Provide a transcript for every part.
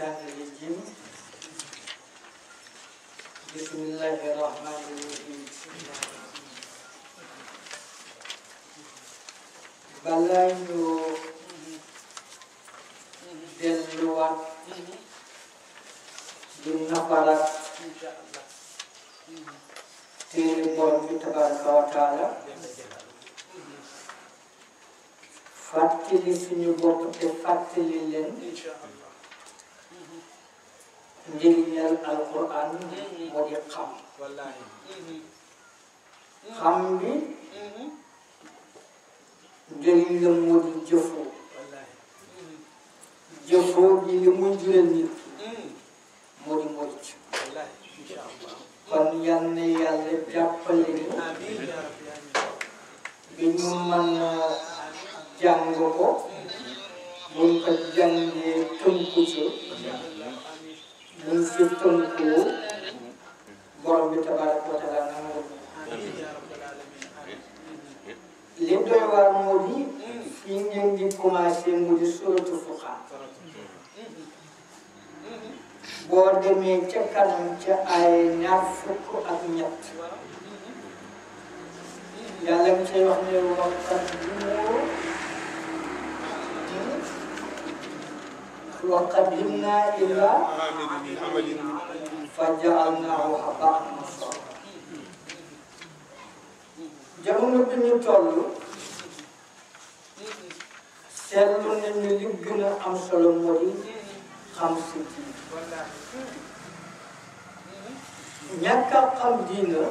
syahr jin Bismillahirrahmanirrahim Balayu Dan luar Dunia para Tiri bonyu tebal kau tala Fatili sunyu bopu te fatili len Insya'Allah njëriñal alquran moo di xam xam bi njëriñ moo di jëfoo jëfoo bi li muy jural moo di mucc kon yal yàlla jàppale ñu bi ñu mën jàng ko buñ ko jàngee tënku ci monsieur Konko borom bi tabaaraka wa taala nangu li doy waar moo di fii ngeen di commencé mu di suratu Furqaan boo demee ca kanam ca ay ñaar fukk ak ñett yàlla nga cay wax ne waxtaan bi وقدمنا إلى عمل فجعلناه هباء منثورا jamono bi ñu toll seetlu nañu li gën am solo mooy xam si diine ñàkk a xam diina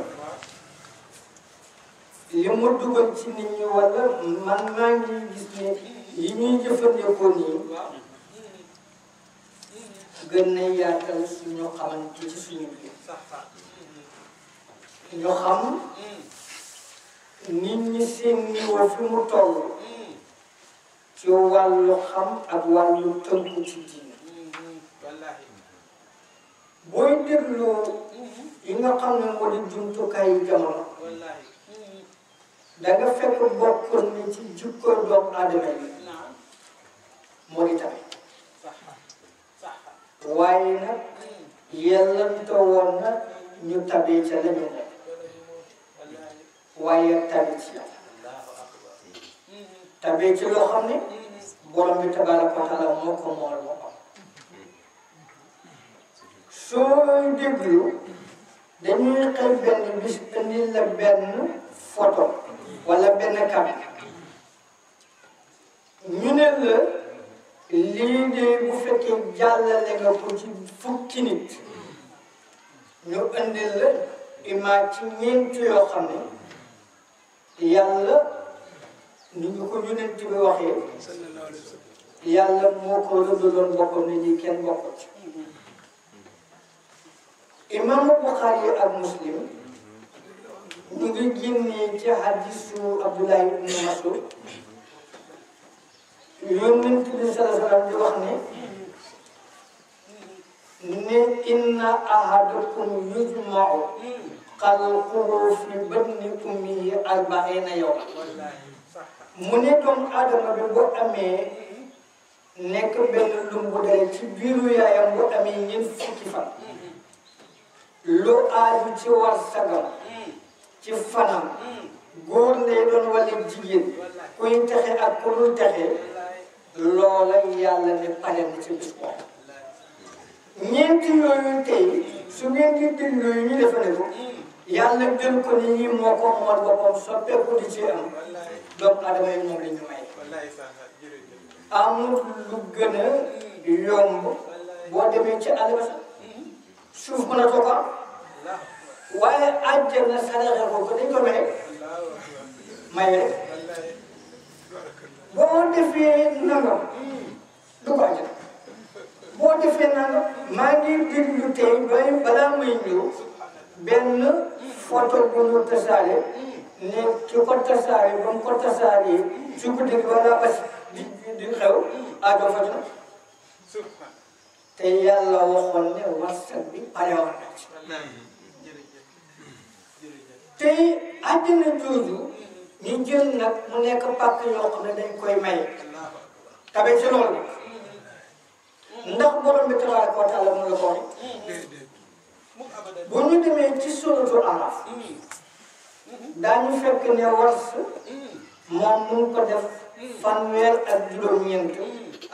li mu dugal ci nit ñi man maa ngi gis ne yi ñuy jëfandikoo nii gën a yaatal suñu xamante ci suñu biir ñu xam nit ñi seen niveau fi mu ci wàllu xam ak wàllu tënku ci diine booy déglu yi nga xam ne moo di jumtukaayu jamono da fekk bokk ni ci jikko doomu aadama yi moo tamit waaye nag yellantoo woon na ñu tabee ca la ñu ne waaye tabi ci la tabee ci loo xam ne borom bi tabaraka wa taala moo ko mool boppam soo dañuy xëy benn bis indil la benn photo wala benn carte lii de bu fekkee jàllale nga ko ci fukki nit ñu indil la image ci ñeent yoo xam ne yàlla ni ñu ko yonent bi waxee yàlla moo ko rëddaloon boppam ne ñi kenn bokkut ci imaamu Buxaari ak Muslim ñu ngi génnee ci hadisu Abdoulaye ibn Mas'ud yonent bi sallallahu alayhi wa sallam wax ne ne inna ahadakum yujma'u xalquhu fi batni ummihi arbaina yawma mu ne doomu aadama bi bu amee nekk benn lumbu ci biiru yaayam bu amee ñeent fukki fan lu aaju ci war sagam ci fanam góor lay doon wala jigéen kuy texe ak ku texe loola yàlla ne pare na ci bis boobu ñeenti yooyu tey su ngeen di déglu yooyu ñu defe ko yàlla gën ko ni ñi moo ko moon boppam soppeeku di ci doomu adama yi moom la ñu may amul lu gën a yomb boo demee ci àll ba sax suuf mën a toog waaye àjjana saraxe ko ko ma ko may maye boo defee nangam du ko àjjana boo defee nangam maa ngi déglu tey balaa muy ñëw benn photo bu mu tasaare ne ki ko tasaare ba ko tasaare su ko dégg balaa bas di xew aajo faj te yàlla waxoon ne whatsapp bi pare woon na ci tey àddina ñu jël nag mu nekk pàcc yoo xam ne dañ koy may tabe ci loolu ndax borom bi tabaaraka wa taala mu la ko bu ñu demee ci suratu araf daañu fekk ne wars moom mu ko def fanweer ak juróom-ñeent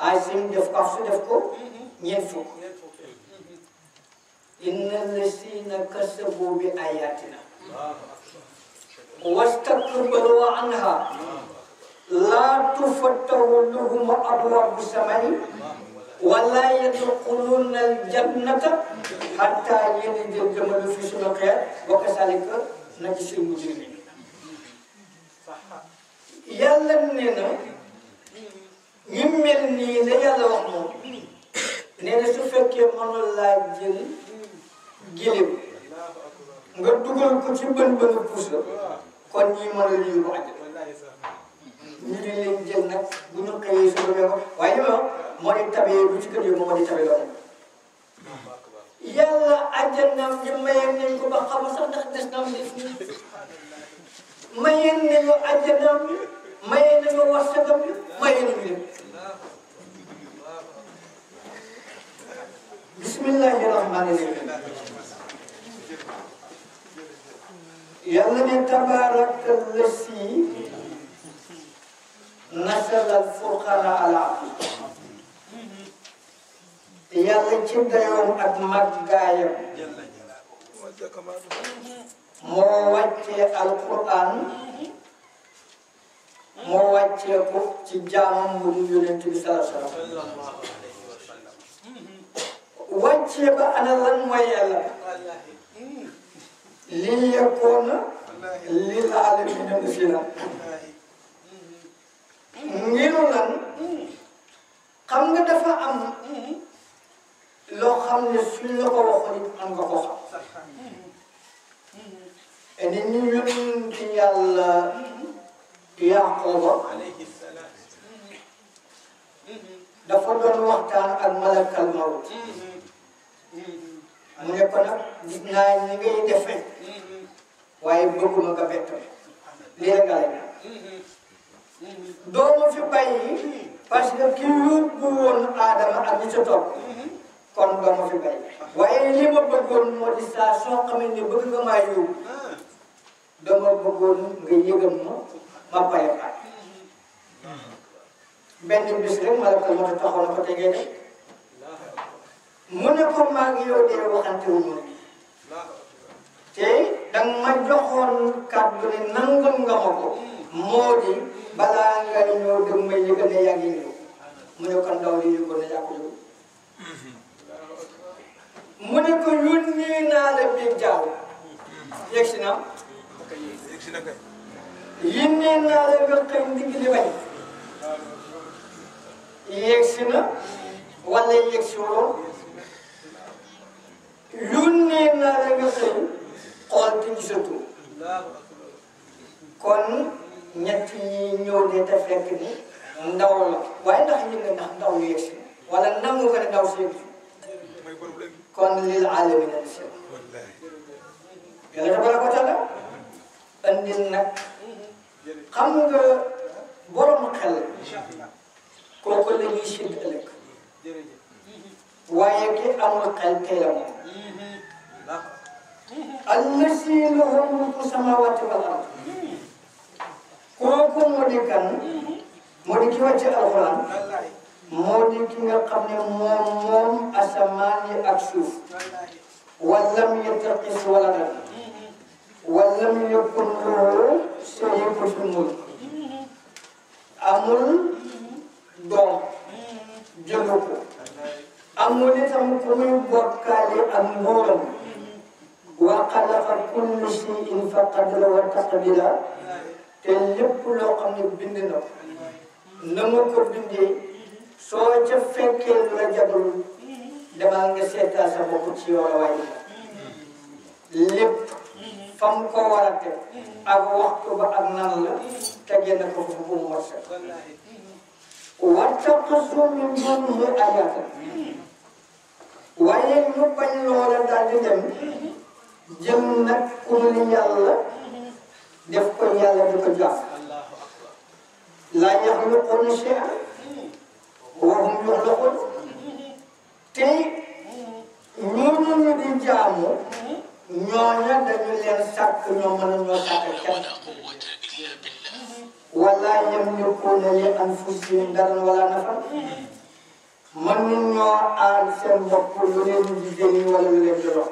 ay sim def ko def ko ñeent fukk inna lasina kasabu bi ayatina واستكبروا عنها لا تفتح لهم أبواب السماء ولا يدخلون الجنة حتى يلد الجمل في سلقها وكذلك نجس المجرمين yàlla nee na ñu mel nii la yàlla wax moom nee na su fekkee mënul laa jël giléem nga dugal ko ci bën bënu puus kon ñi mën a lire bu àjj ñu di leen jël nag bu ñu kay su ko mëgo waaye ñoo moo di tabe bu ci kër yi moo di tabe doon yàlla àjjan na ñu mayeen nañ ko ba xam sax ndax des na des ni mayeen nañu àjjan na ñu mayeen nañu war sa gëm yi mayeen rahim yàlla ne tabaaraka lasi nasala alfurqana ala abdi yàlla ci dayoom ak màggaayam moo wàccee alquran moo wàccee ko ci jaamam bu ñu yonent bi sala ba ana lan mooy li yakuna lil alamina nasiira ngiru lan xam nga dafa am loo xam ne suñ la ko waxoon am nga ko xam et ni ñu yonent yàlla dafa doon waxtaan ak malakal mawt mu ne nag naa ñi ngay waaye bëgguma nga bett lii rek nga doomu fi bàyyi parce que ki yóbbu woon aadama ak ñi ca topp kon doomu fi bàyyi waaye li ma bëggoon moo di saa soo xamee ne bëgg nga maa yóbbu dama bëggoon nga yëgal ma ma bàyyi benn bis ma la ko mën a taxaw na ko tegee mu ne ko maa ngi yow dee waxante te danga ma joxoon kàddu ne nangam nga ma ko moo di balaa ngay ñëw dem may yëgal ne yaa ngi mu ne ko ndaw li yëgoon na yàqu yow mu ne ko yónnee naa la nga xëy ndigg li bañ yegg si na wala yegg si woon fekk ni ndaw la waaye ndax ñu nga ndax ndaw lu yegsi wala nam nga ko ne ndaw si yegsi kon lil alamina si yàlla tabaraka wa taala andil nag xam nga borom xel kooku la ñuy sidd ëllëg waaye ki amul xel tey la moom allazi lahu mulku samawati wal ard kooku moo di kan moo di ki wàcce alxuraan moo di ki nga xam ne moom moom asamaan yi ak suuf walam yattaqis waladan walam yakun lahu shariikun mulk amul doom jëlu ko amul itam ku muy bokkaale ak nguuram wa xalaqa kulla shay'in fa qaddarahu taqdiira buur bind na na ko bindee soo ca fekkee lu la jagul demal nga seetal sa bopp ci yow la wàññi lépp ko war a teg ak waxtu ba ak nan la tege na ko bu mu mos a. wattaqu min dunihi ayatan waaye ñu bañ loola daal di dem jëm nag ku dul yàlla def ko yàlla di ko jox. laa yaxluquuna shay'an wa hum yuxlaquun te ñooñu ñu di jaamu ñooña dañu leen sàkk ñoo mën a ñoo sàkk kenn wala yamlikuuna li anfusihim daran wala nafan mën ñoo aar seen bopp lu leen di jëriñ wala lu leen di lor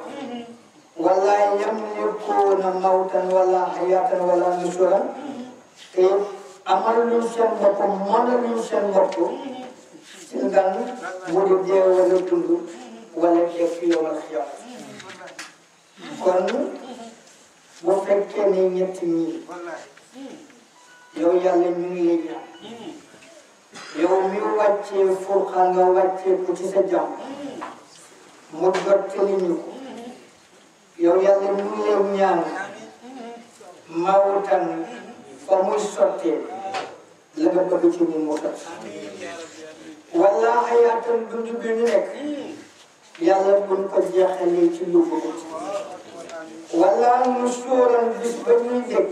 wala yamlikuuna mawtan wala xayaatan wala nusuran amal luñ seen bopp mën a luñ seen bopp si ngan wala dee wala dund wala def yomal xiyam kon bu fekkee ne ñett ñi yow yàlla ñu mi wàccee furxaan nga wàccee ñu ñu ngi lay ñaan fa muy sottee lebal ko dëkk ñun moo tax wala xayaatam dund bi ñu nekk yàlla buñ ko jeexalee ci lu bëgg wala nu suuran bis ba ñuy dëkk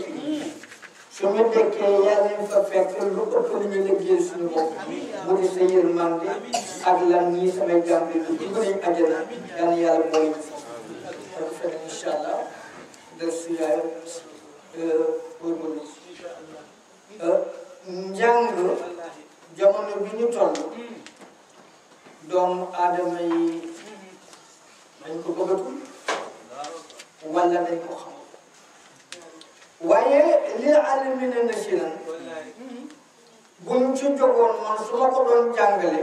suñu dëkkee yàlla fekk lu ëpp lu ñu liggéey suñu bopp bu di sa yërmande ak lan ñii samay gàmbi lu dugg nañ àjjana yàlla yàlla mooy kon incha allah def si yaay wërmëni euh, njàng jamono bi ñu toll doomu aadama yi dañ ko bëggatul wala dañ ko xam waaye lil aalamiina nasiiran bu ñu ci jogoon man su ma ko doon jàngale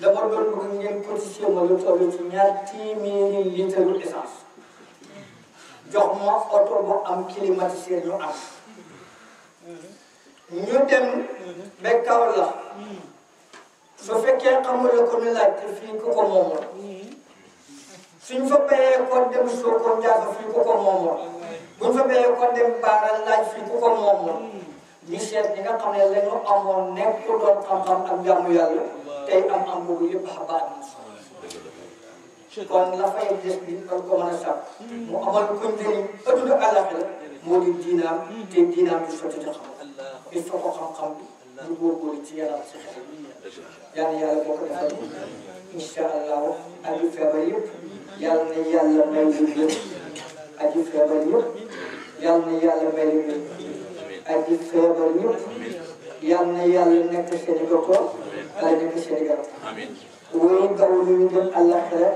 dama doon bëgg ngeen cotisé ma lu toll ci ñaar téeméeri litre essence jox ma oto bu am climatiseur ñu am ñu dem ba Kaolack su fekkee xamul ko ñu laajte fii ku ko moomoon suñ fa bayee kon dem Sokone jaaga fii ku ko moomoon buñ fa bayee kon dem Baara laaj fii ku ko moomoon ñu seet ñi nga xam ne ñu amoon nekk doon xam-xam ak jàmm yàlla tey am am boobu la fay a sàkk mu amal ko njëriñ ëttu àllaxira moo di diinaam te diinaam bi sotti ci xam il faut ko xam-xam ñu góorgóorlu ci yaram si xel yal na yàlla boo ko defal incha allahu aju feebar yëpp yal na yàlla may lu wér aju feebar yëpp yal na yàlla may lu wér aju feebar yëpp yal na yàlla nekk seen i boppam yàlla nekk seen i garab wéy ndaw lu ñu dem àllaxira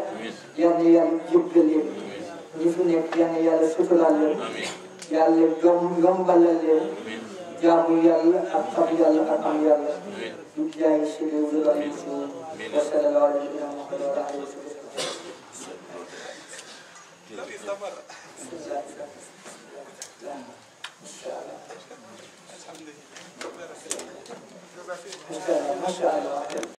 yal na yàlla jéggal leen ñi fi nekk yal na yàlla suturaal leen yàlla gëm gëmbalal leen jaamu yàlla ak xam yàlla ak am yàlla ñu jaay si réew mi la ñu wa sallallahu alayhi wa sallam ما شاء الله